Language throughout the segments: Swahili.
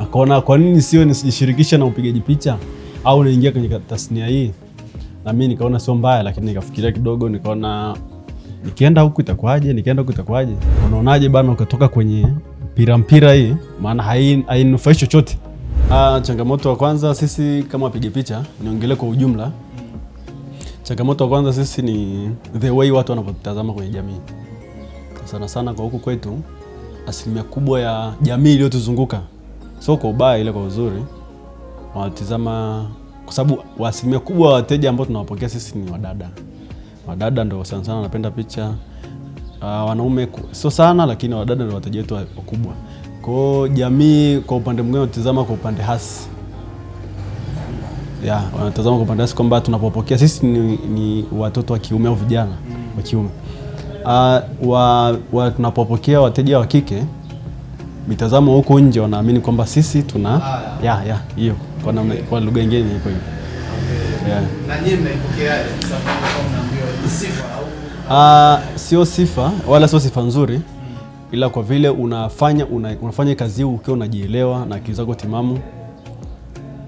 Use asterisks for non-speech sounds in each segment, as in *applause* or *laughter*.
akaona kwa nini sio nisijishirikishe na upigaji picha au naingia kwenye tasnia hii, na mimi nikaona sio mbaya, lakini nikafikiria kidogo, nikaona nikienda huku itakuwaje? Nikienda huku itakuwaje? Unaonaje bana, ukatoka kwenye mpira mpira hii, maana hainufaishi chochote. Ah, changamoto wa kwanza sisi kama wapiga picha, niongelee kwa ujumla. Changamoto wa kwanza sisi ni the way watu wanapotazama kwenye jamii, sana sana kwa huku kwetu, asilimia kubwa ya jamii iliyotuzunguka sio kwa ubaya, ile kwa uzuri wanatizama, kwa sababu asilimia kubwa wateja ambao tunawapokea sisi ni wadada. Wadada ndo sana sana wanapenda picha. Uh, wanaume sio sana, lakini wadada ndo wateja wetu wakubwa. Kwao jamii kwa upande mwingine wanatizama kwa upande hasi ya wanatazama kwa upande hasi kwamba tunapopokea sisi ni, ni watoto wa kiume au vijana wa kiume. Uh, wa, wa tunapopokea wateja wa kike mitazamo huko nje wanaamini kwamba sisi tuna ah, ya ya hiyo, kwa namna kwa lugha nyingine iko hivyo. Na nyinyi Ah, sio sifa wala sio sifa nzuri, ila kwa vile unafanya una, unafanya kazi hiyo ukiwa unajielewa na akili zako timamu,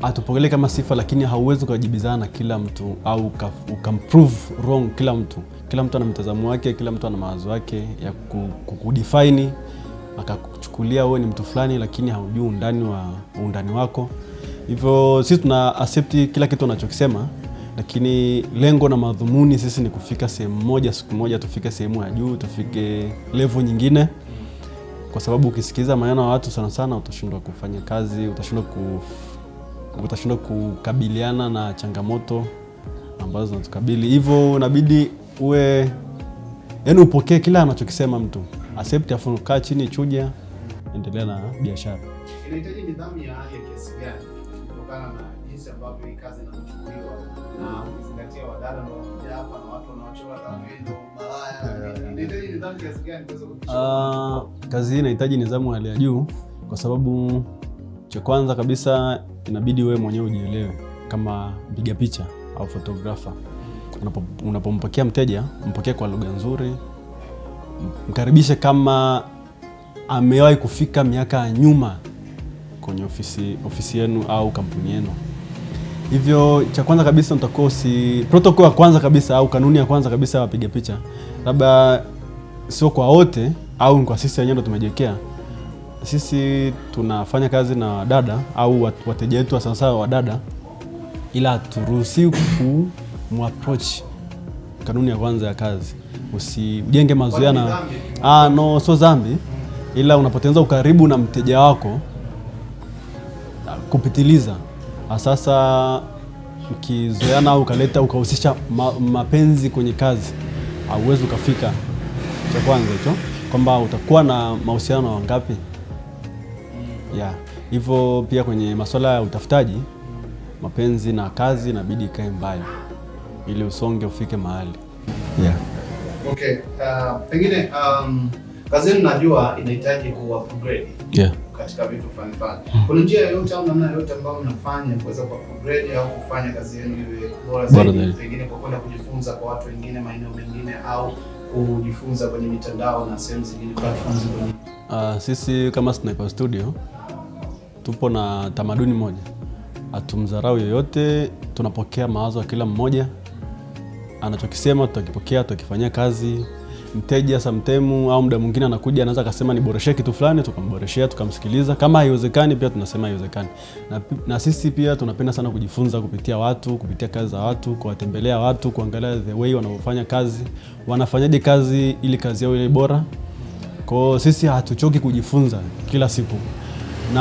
atupokele kama sifa, lakini hauwezi ukajibizana na kila mtu au ukamprove wrong kila mtu. Kila mtu ana mtazamo wake, kila mtu ana mawazo yake ya kukudefine unachukulia wewe ni mtu fulani, lakini haujui undani wa undani wako. Hivyo sisi tuna accept kila kitu unachokisema, lakini lengo na madhumuni sisi ni kufika sehemu moja, siku moja tufike sehemu ya juu, tufike level nyingine, kwa sababu ukisikiliza maneno ya watu sana sana utashindwa kufanya kazi, utashindwa ku utashindwa kukabiliana na changamoto ambazo zinatukabili. Hivyo inabidi uwe, yani upokee kila anachokisema mtu, accept, afu kaa chini, chuja kuendelea na biashara. Inahitaji nidhamu ya hali ya kiasi gani kutokana na jinsi ambavyo hii kazi inachukuliwa na kuzingatia wadada na watu hapa na watu wanaochora tamaa malaya. Ah. Inahitaji kiasi gani kuweza kufikia? Ah, kazi hii inahitaji nidhamu ya hali ya juu kwa sababu cha kwanza kabisa inabidi wewe mwenyewe ujielewe kama mpiga picha au fotografa. Unapompokea mteja, mpokee kwa lugha nzuri, mkaribishe kama amewahi kufika miaka ya nyuma kwenye ofisi, ofisi yenu au kampuni yenu. Hivyo cha kwanza kabisa mtakuwa usi protocol ya kwanza kabisa au kanuni ya kwanza kabisa wapiga picha, labda sio kwa wote au kwa sisi wenyewe ndo tumejiwekea. Sisi tunafanya kazi na wadada au wateja wetu wasawasawa wadada, ila haturuhusiwi kumapproach. Kanuni ya kwanza ya kazi, usijenge mazoea na ah, no, sio dhambi ila unapoteza ukaribu na mteja wako kupitiliza, sasa ukizoeana au ukaleta ukahusisha ma, mapenzi kwenye kazi, auwezi ukafika. Cha kwanza hicho kwamba utakuwa na mahusiano wangapi ya hivyo. Pia kwenye masuala ya utafutaji, mapenzi na kazi inabidi ikae mbali ili usonge ufike mahali yeah. Okay, uh, pengine um yenu najua inahitaji ku upgrade yeah. katika vitu fulani fulani. Hmm. Kuna njia yoyote au namna yoyote ambayo mnafanya kuweza ku upgrade au kufanya kazi yenu iwe bora zaidi, pengine kwa kwenda kujifunza kwa watu wengine maeneo mengine au kujifunza kwenye mitandao na sehemu zingine platforms zingine? Uh, sisi kama Sniper Studio tupo na tamaduni moja, hatumdharau yoyote, tunapokea mawazo ya kila mmoja, anachokisema tutakipokea, tutakifanyia kazi mteja samtemu au muda mwingine anakuja anaweza akasema niboreshee kitu fulani, tukamboreshea tukamsikiliza. Kama haiwezekani, pia tunasema haiwezekani. Na, na sisi pia tunapenda sana kujifunza kupitia watu, kupitia kazi za watu, kuwatembelea watu, kuangalia the way wanavyofanya kazi, wanafanyaje kazi ili kazi yao ile bora. Kwa sisi hatuchoki kujifunza kila siku na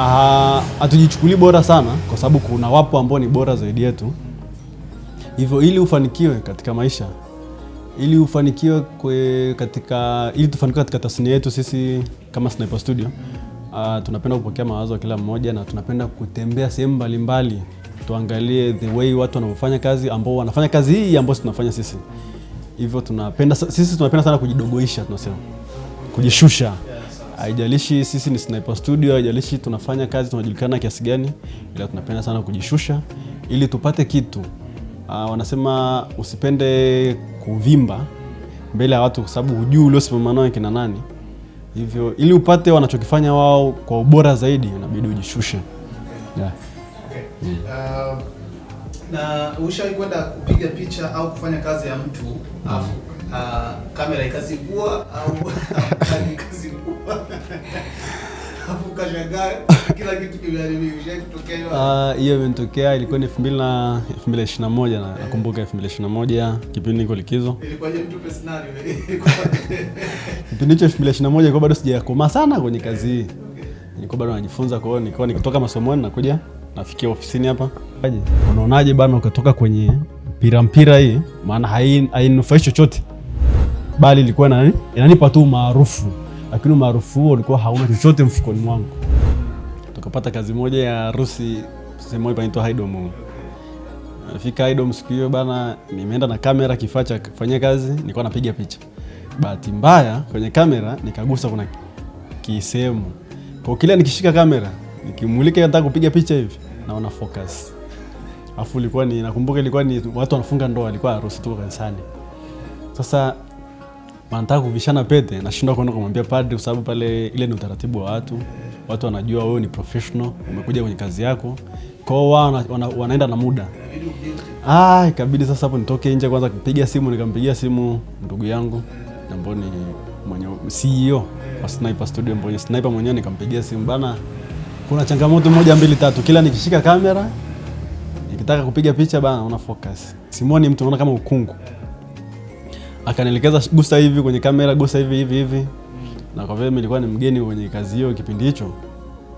hatujichukulii bora sana, kwa sababu kuna wapo ambao ni bora zaidi yetu. Hivyo ili ufanikiwe katika maisha ili ufanikiwe katika ili tufanikiwe katika tasnia yetu sisi kama Sniper Studio uh, tunapenda kupokea mawazo ya kila mmoja na tunapenda kutembea sehemu mbalimbali tuangalie the way watu wanavyofanya kazi ambao wanafanya kazi hii ambao sisi tunafanya sisi. Hivyo tunapenda sisi tunapenda sana kujidogoisha, tunasema kujishusha. Haijalishi sisi ni Sniper Studio, haijalishi tunafanya kazi tunajulikana kiasi gani, ila tunapenda sana kujishusha ili tupate kitu. Uh, wanasema usipende kuvimba mbele ya watu, kwa sababu hujui uliosimama nao kina nani. Hivyo ili upate wanachokifanya wao kwa ubora zaidi, inabidi ujishushe. yeah. okay. mm. Um, uh, na ushawahi kwenda kupiga picha au kufanya kazi ya mtu afu uh, kamera ikazingua au *laughs* ikazingua? *laughs* kila kitu kimeharibika. Hiyo ah, imenitokea, ilikuwa ni 2021 na nakumbuka 2021 kipindi niko likizo. *laughs* Kipindi hicho 2021 ilikuwa bado sijakomaa sana kwenye kazi hii, nilikuwa bado najifunza. Kwa hiyo nilikuwa nikitoka masomoni nakuja nafikia ofisini hapa. Unaonaje bana, ukatoka kwenye mpira mpira hii, maana hainufaishi chochote, bali ilikuwa inanipa tu maarufu lakini umaarufu huo ulikuwa hauna chochote mfukoni mwangu. Tukapata kazi moja ya harusi sehemu moja panaitwa Haidom. Nafika Haidom siku hiyo bana, nimeenda na kamera, kifaa cha kufanyia kazi, nilikuwa napiga picha. Bahati mbaya kwenye kamera nikagusa kuna kisehemu, kwa kila nikishika kamera nikimulika, nataka kupiga picha hivi, naona focus afu ilikuwa ni nakumbuka, ilikuwa ni watu wanafunga ndoa, ilikuwa harusi tu kanisani. Sasa wanataka kuvishana pete, nashindwa kwenda kumwambia padri, kwa sababu pale ile ni utaratibu wa watu, watu wanajua wewe ni professional, umekuja kwenye kazi yako kwao, wao wana, wanaenda na muda. Ah, ikabidi sasa hapo nitoke nje kwanza kupiga simu, nikampigia simu ndugu yangu ambao ni mwenye CEO wa Sniper Studio, ambao ni Sniper mwenyewe, nikampigia simu bana, kuna changamoto moja mbili tatu, kila nikishika kamera nikitaka kupiga picha bana, una focus. Simoni mtu unaona kama ukungu akanielekeza gusa hivi kwenye kamera, gusa hivi hivi hivi, na kwa vile nilikuwa ni mgeni kwenye kazi hiyo kipindi hicho,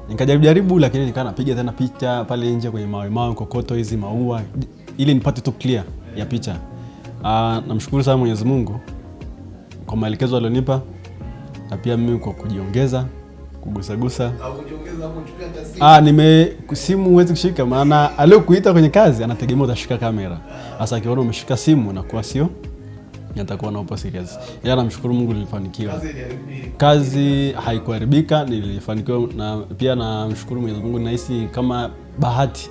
nikajaribu jaribu, lakini nikawa napiga tena picha pale nje kwenye mawe mawe, kokoto hizi, maua, ili nipate tu clear ya picha. Ah, Namshukuru sana Mwenyezi Mungu kwa maelekezo alionipa na pia mimi kwa kujiongeza kugusa gusa. Ah, nime simu huwezi kushika, maana aliyokuita kwenye kazi anategemea utashika kamera. Sasa akiona umeshika simu na kuwa sio nitakuwa naopo serious. Ila namshukuru Mungu nilifanikiwa, kazi haikuharibika, nilifanikiwa na pia namshukuru Mwenyezi Mungu. Nahisi kama bahati,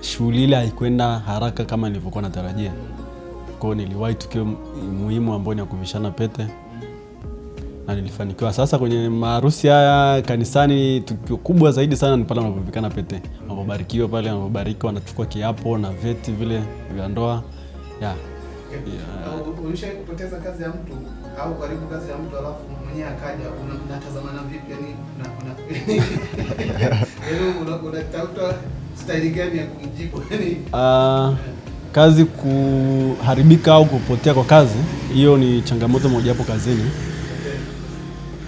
shughuli ile haikwenda haraka kama nilivyokuwa natarajia. Kwa hiyo niliwahi tukio muhimu ambao ni ya kuvishana pete na nilifanikiwa. Sasa kwenye maharusi haya kanisani, tukio kubwa zaidi sana ni pale wanapovikana pete, wanapobarikiwa pale, wanapobariki wanachukua kiapo na veti vile vya ndoa yeah kupoteza kazi ya mtu au karibu kazi ya mtu alafu mwenyewe akaja, unatazamana vipi? Yani *laughs* yaani unatafuta staili gani ya kumjibu? Yaani ah, kazi kuharibika au kupotea kwa kazi, hiyo ni changamoto mojawapo kazini.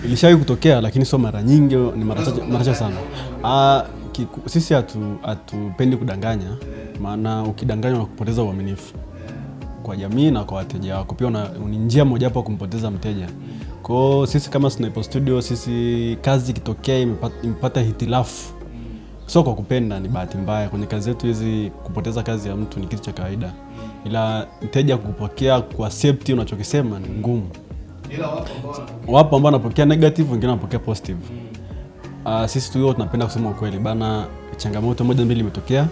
Ilishawahi kutokea, lakini sio mara nyingi, ni mara chache sana. Ah, kiku, sisi hatupendi kudanganya, maana ukidanganywa kupoteza uaminifu kwa jamii na kwa wateja wako pia, ni njia mojawapo ya kumpoteza mteja. Kwa hiyo sisi kama Sniper Studio, sisi kazi ikitokea imepata hitilafu, sio kwa kupenda, ni bahati mbaya. Kwenye kazi yetu hizi, kupoteza kazi ya mtu ni kitu cha kawaida, ila mteja kupokea safety unachokisema ni ngumu. Wapo ambao wanapokea negative, wengine wanapokea positive. Uh, sisi tu tunapenda kusema ukweli bana, changamoto moja mbili imetokea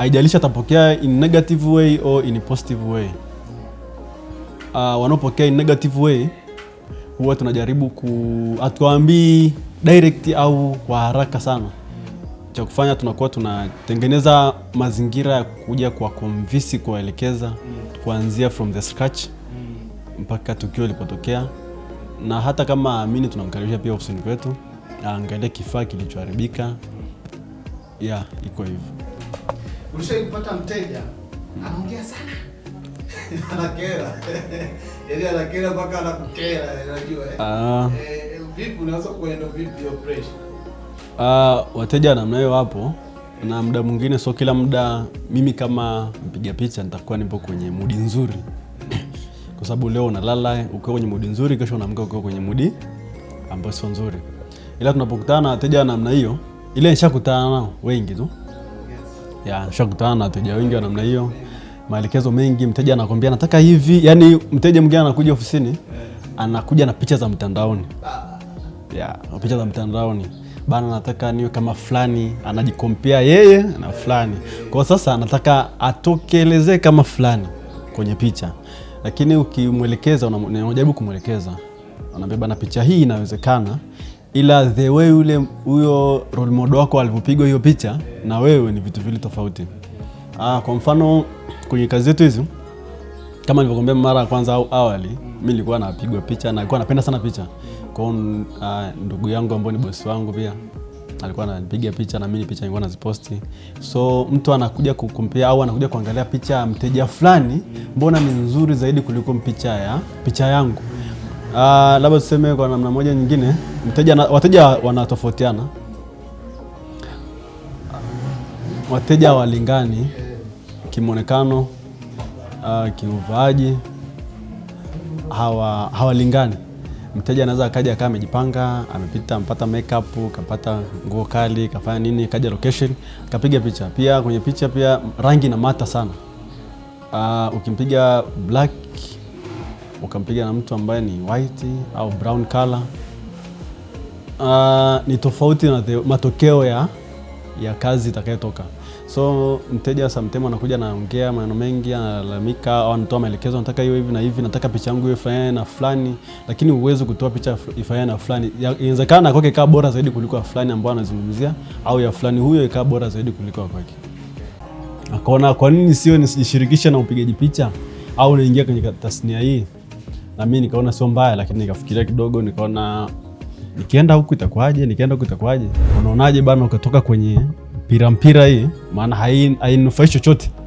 haijalishi atapokea in negative way or in positive way. Uh, wanaopokea in negative way huwa tunajaribu ku hatuwaambii direct au kwa haraka sana. Cha kufanya tunakuwa tunatengeneza mazingira ya kuja kwa konvisi kuwaelekeza kuanzia from the scratch mpaka tukio lipotokea, na hata kama amini tunamkaribisha pia ofisini kwetu aangalie kifaa kilichoharibika. Yeah, iko hivyo. Ulishaipata mteja anaongea sana *laughs* anakera *laughs* yaani anakera mpaka anakukera, unajua eh, ah. eh, eh vipi unaweza kuenda vipi hiyo pressure? Uh, wateja namnayo hapo, na muda mwingine so kila muda. Mimi kama mpiga picha nitakuwa nipo kwenye mudi nzuri, *laughs* kwa sababu leo unalala ukiwa kwenye mudi nzuri, kesho unaamka ukiwa kwenye mudi ambayo sio nzuri, ila tunapokutana wateja namna hiyo ile nishakutana nao wengi tu nishakutana na wateja wengi wa namna hiyo, maelekezo mengi, mteja anakwambia nataka hivi. Yani mteja mwingine anakuja ofisini anakuja na picha za mtandaoni ya, picha za mtandaoni bana, nataka niwe kama fulani, anajikompea yeye na fulani. Kwa sasa anataka atokelezee kama fulani kwenye picha, lakini ukimwelekeza, unajaribu kumwelekeza, anaambia bana, picha hii inawezekana ila the way ule huyo role model wako alivyopigwa hiyo picha na wewe ni vitu vili tofauti. Ah, kwa mfano kwenye kazi zetu hizi kama nilivyokuambia mara ya kwanza au awali, mimi nilikuwa napigwa picha na nilikuwa napenda sana picha. Kwa hiyo ah, ndugu yangu ambaye ni bosi wangu pia alikuwa ananipiga picha na mimi picha nilikuwa naziposti. So mtu anakuja kukumpea au anakuja kuangalia picha ya mteja fulani, mbona ni nzuri zaidi kuliko picha ya picha yangu. Uh, labda tuseme kwa namna moja nyingine, mteja na, wateja wanatofautiana, wateja walingani kimwonekano, uh, ah, kiuvaaji hawa hawalingani. Mteja anaweza akaja akawa amejipanga amepita ampata makeup kapata nguo kali kafanya nini kaja location kapiga picha. Pia kwenye picha pia rangi na mata sana. Uh, ukimpiga black ukampiga na mtu ambaye ni white au brown color uh, ni tofauti na the, matokeo ya, ya kazi itakayotoka. So mteja sometimes anakuja anaongea maneno mengi, analalamika au anatoa maelekezo, nataka hiyo hivi na hivi, nataka picha yangu ifanane na fulani, lakini uwezo kutoa picha ifanane na fulani. Inawezekana na kwake ikawa bora zaidi kuliko ya fulani ambayo anazungumzia, au ya fulani huyo ikawa bora zaidi kuliko ya kwake. Akaona kwa nini sio nishirikishe na upigaji picha au naingia kwenye tasnia hii? na mi nikaona sio mbaya, lakini nikafikiria kidogo, nikaona nikienda huku itakuwaje? Nikienda huku itakuwaje? Unaonaje bana, ukatoka kwenye mpira mpira hii, maana hainufaishi chochote